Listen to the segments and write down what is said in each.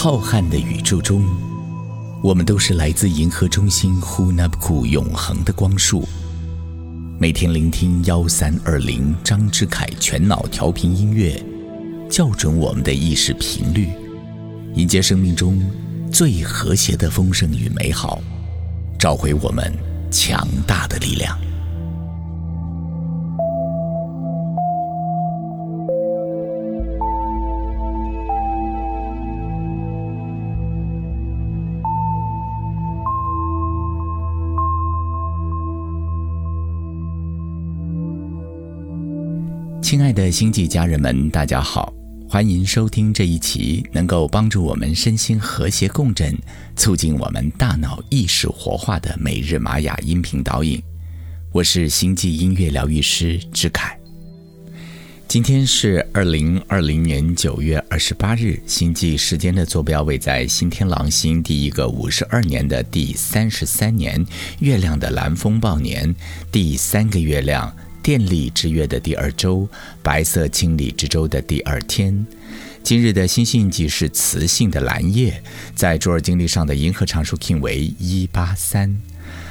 浩瀚的宇宙中，我們都是來自銀河中心 Hunapku 永恆的光束。每天聆聽幺三二零張之愷全腦調頻音樂，校準我們的意識頻率，迎接生命中最和諧的豐盛與美好，召回我們強大的力量。親愛的星際家人們，大家好，歡迎收聽這一期能夠幫助我們身心和諧共振、促進我們大腦意識活化的每日瑪雅音頻導引。我是星際音樂療癒師之愷。今天是二零二零年九月二十八日，星際時間的坐標位在新天狼星第一個五十二年的第三十三年，月亮的藍風暴年，第三個月亮。電力之月的第二周，白色清理之周的第二天，今日的星系印記是磁性的藍夜，在卓爾經歷上的銀河常數 KIN 為一八三，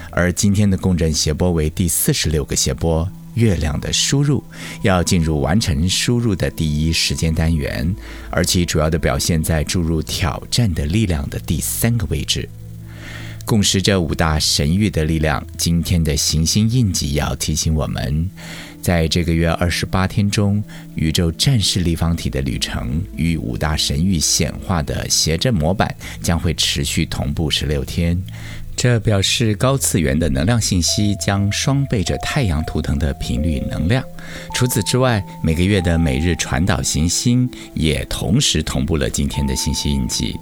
而今天的共振諧波為第四十六個諧波。月亮的輸入要進入完成輸入的第一時間單元，而其主要的表現在注入挑戰的力量的第三個位置。共識這五大神諭的力量，今天的行星印記要提醒我們，在這個月二十八天中，宇宙戰士立方體的旅程與五大神諭顯化的諧振模板將會持續同步十六天。這表示高次元的能量信息將雙倍着太陽圖騰的頻率能量。除此之外，每個月的每日傳導行星也同時同步了今天的星系印記，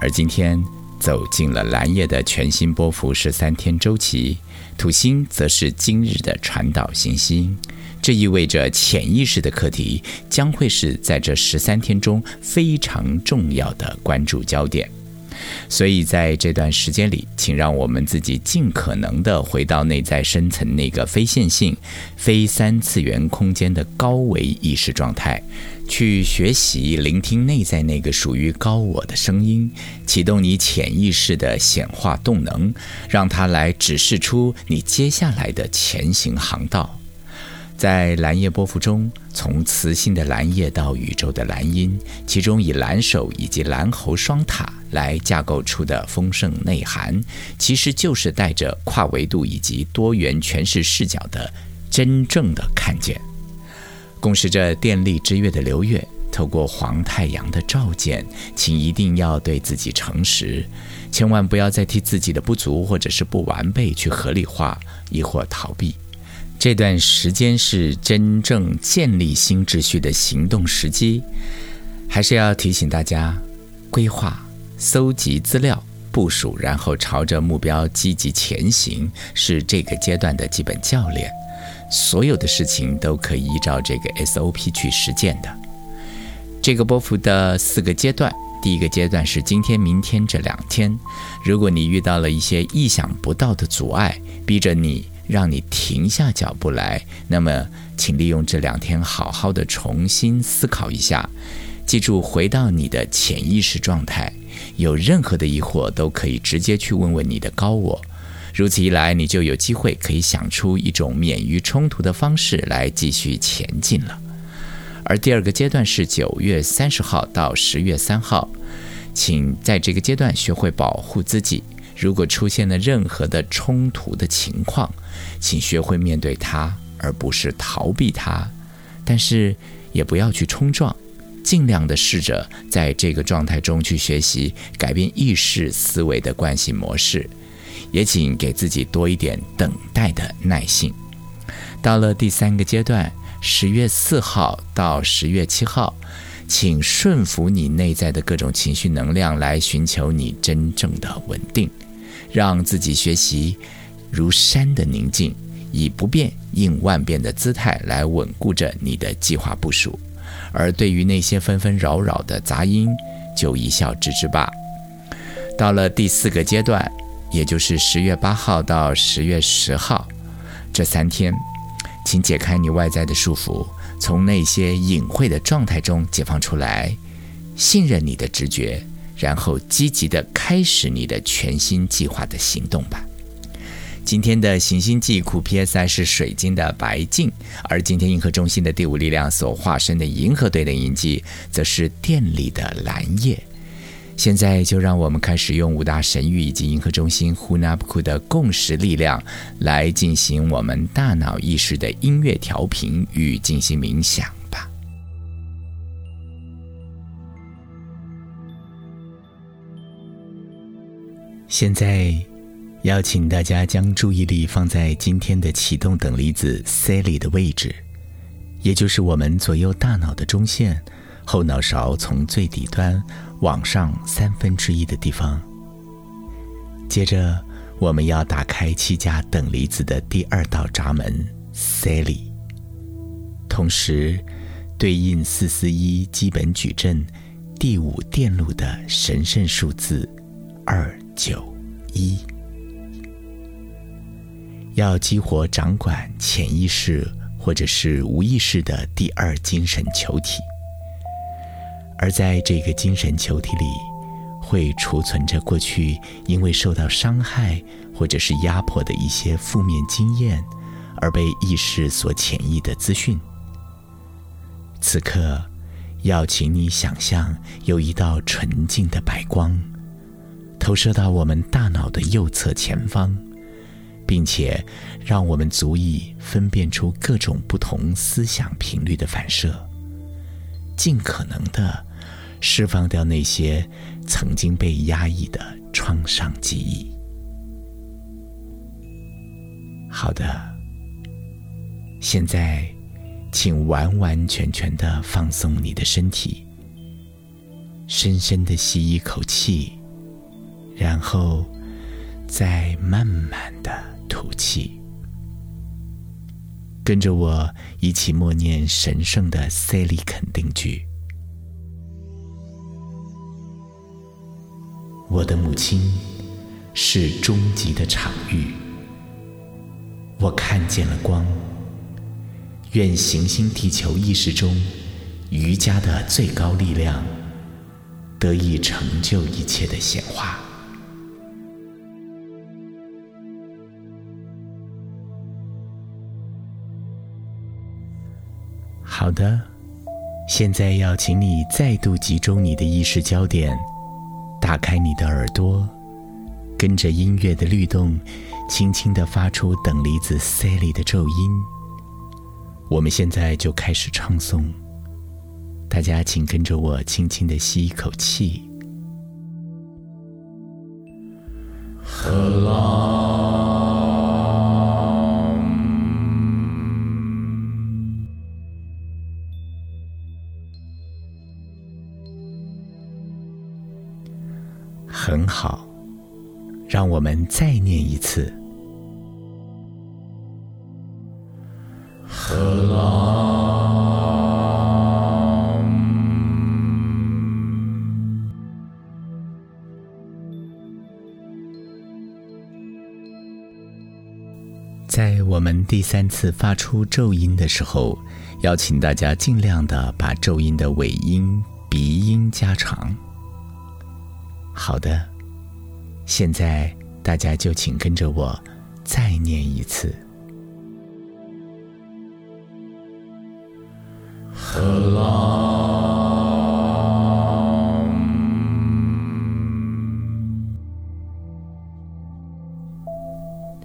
而今天。走進了藍夜的全新波符十三天週期，土星則是今日的傳導行星，這意味着潛意識的課題將會是在這十三天中非常重要的關注焦點。所以，在這段時間裡，請讓我們自己盡可能地回到內在深層那個非線性、非三次元空間的高維意識狀態，去學習、聆聽內在那個屬於高我的聲音，啟動你潛意識的顯化動能，讓它來指示出你接下來的前行航道。在藍夜波符中，從磁性的藍夜到宇宙的藍鷹，其中以藍手以及藍猴雙塔來架構出的豐盛內涵，其實就是帶着跨維度以及多元詮釋視角的真正的看見。共識着電力之月的流月，透過黃太陽的照見，請一定要對自己誠實，千萬不要再替自己的不足或者是不完備去合理化，亦或逃避。這段時間是真正建立新秩序的行動時機，還是要提醒大家，規劃、搜集資料、部署，然後朝着目標積極前行，是這個階段的基本教練。所有的事情都可以依照這個 SOP 去實踐的。這個波符的四個階段，第一個階段是今天、明天這兩天。如果你遇到了一些意想不到的阻礙，逼着你。讓你停下腳步來，那麼，請利用這兩天好好的重新思考一下，記住回到你的潛意識狀態，有任何的疑惑都可以直接去問問你的高我。如此一來，你就有機會可以想出一種免於衝突的方式來繼續前進了。而第二個階段是九月三十號到十月三號，請在這個階段學會保護自己。如果出現了任何的衝突的情況，請學會面對它，而不是逃避它。但是，也不要去衝撞，盡量的試着在這個狀態中去學習改變意識思維的慣性模式。也請給自己多一點等待的耐心。到了第三個階段，十月四號到十月七號，請順服你內在的各種情緒能量，來尋求你真正的穩定。讓自己學習如山的寧靜，以不變應萬變的姿態來穩固着你的計劃部署；而對於那些紛紛擾擾的雜音，就一笑置之吧。到了第四個階段，也就是十月八號到十月十號這三天，請解開你外在的束縛，從那些隱晦的狀態中解放出來，信任你的直覺。然後積極的開始你的全新計劃的行動吧。今天的行星記庫 PSI 是水晶的白鏡，而今天銀河中心的第五力量所化身的銀河隊的印記，則是電力的藍夜。現在就讓我們開始用五大神諭以及銀河中心 Hunab Ku 的共識力量，來進行我們大腦意識的音樂調頻與進行冥想。現在，邀請大家將注意力放在今天的啟動等離子 C 里的位置，也就是我們左右大腦的中線，後腦勺從最底端往上三分之一的地方。接着，我們要打開七家等離子的第二道閘門 C 里，同時對應四四一基本矩陣第五電路的神聖數字二。九一，要激活掌管潛意識或者是無意識的第二精神球體，而在這個精神球體裡，會儲存着過去因為受到傷害或者是壓迫的一些負面經驗，而被意識所潛意的資訊。此刻，要請你想象有一道純淨的白光。投射到我們大腦的右側前方，並且讓我們足以分辨出各種不同思想頻率的反射，盡可能地釋放掉那些曾經被壓抑的創傷記憶。好的，現在，請完完全全地放鬆你的身體，深深地吸一口氣。然後，再慢慢的吐氣。跟着我一起默念神聖的 Silio 肯定句： 我的母親是終極的場域，我看見了光。願行星地球意識中瑜伽的最高力量得以成就一切的顯化。好的，現在要請你再度集中你的意識焦點，打開你的耳朵，跟着音樂的律動，輕輕的發出等離子 Seli 的咒音。我們現在就開始唱誦，大家請跟着我，輕輕的吸一口氣。a l o 很好，讓我們再念一次。和朗狼，在我們第三次發出咒音的時候，邀請大家盡量的把咒音的尾音、鼻音加長。好的，現在大家就請跟着我，再念一次。哈啦狼，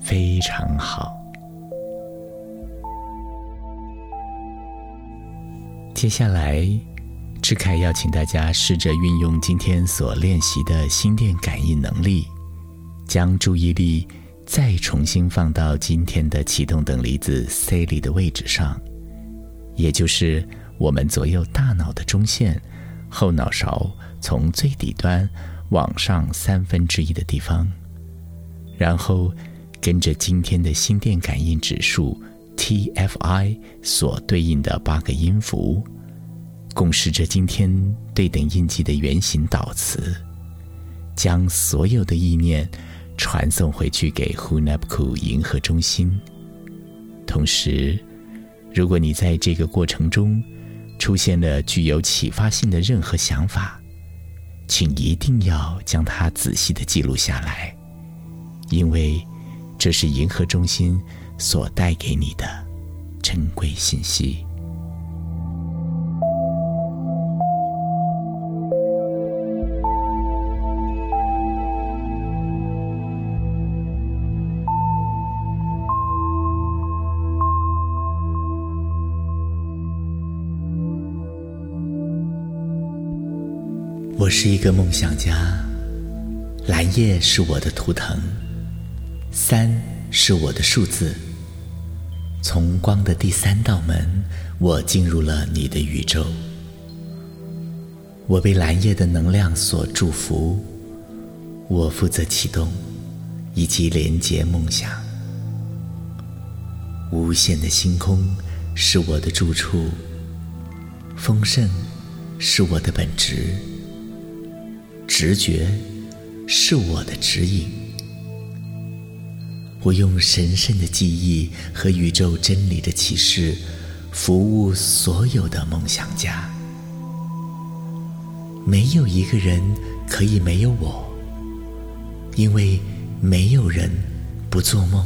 非常好。接下來。之愷邀請大家試着運用今天所練習的心電感應能力，將注意力再重新放到今天的啟動等離子 C 裡的位置上，也就是我們左右大腦的中線，後腦勺從最底端往上三分之一的地方，然後跟着今天的心電感應指數 TFI 所對應的八個音符。共識着今天對等印記的原型導詞，將所有的意念傳送回去給 Hunab Ku 銀河中心。同時，如果你在這個過程中出現了具有啟發性的任何想法，請一定要將它仔細的記錄下來，因為這是銀河中心所帶給你的珍貴信息。我是一個夢想家，藍夜是我的圖騰，三是我的數字。從光的第三道門，我進入了你的宇宙。我被藍夜的能量所祝福，我負責啟動以及連接夢想。無限的星空是我的住處，豐盛是我的本質。直覺是我的指引。我用神聖的記憶和宇宙真理的啟示，服務所有的夢想家。沒有一個人可以沒有我，因為沒有人不做夢。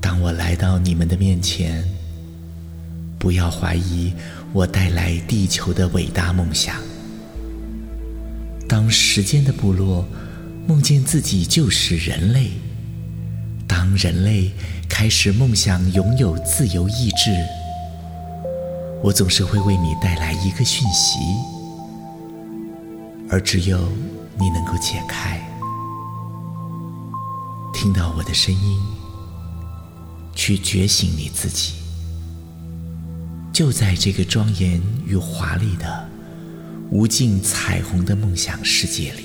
當我來到你們的面前，不要懷疑我帶來地球的偉大夢想。當時間的部落夢見自己就是人類，當人類開始夢想擁有自由意志，我總是會為你帶來一個訊息，而只有你能夠解開。聽到我的聲音，去覺醒你自己。就在這個莊嚴與華麗的無盡彩虹的夢想世界裡，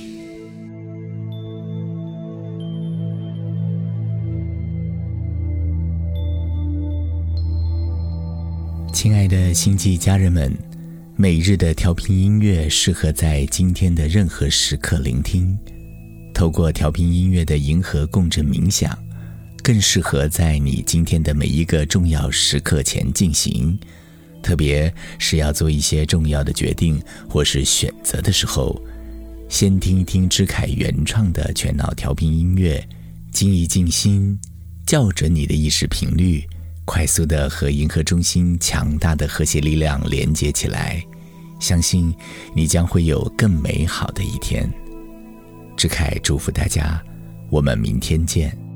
親愛的星際家人們，每日的調頻音樂適合在今天的任何時刻聆聽。透過調頻音樂的銀河共振冥想，更適合在你今天的每一個重要時刻前進行。特別是要做一些重要的決定或是選擇的時候，先聽一聽之愷原創的全腦調頻音樂，靜一靜心，校準你的意識頻率，快速的和銀河中心強大的和諧力量連接起來，相信你將會有更美好的一天。之愷祝福大家，我們明天見。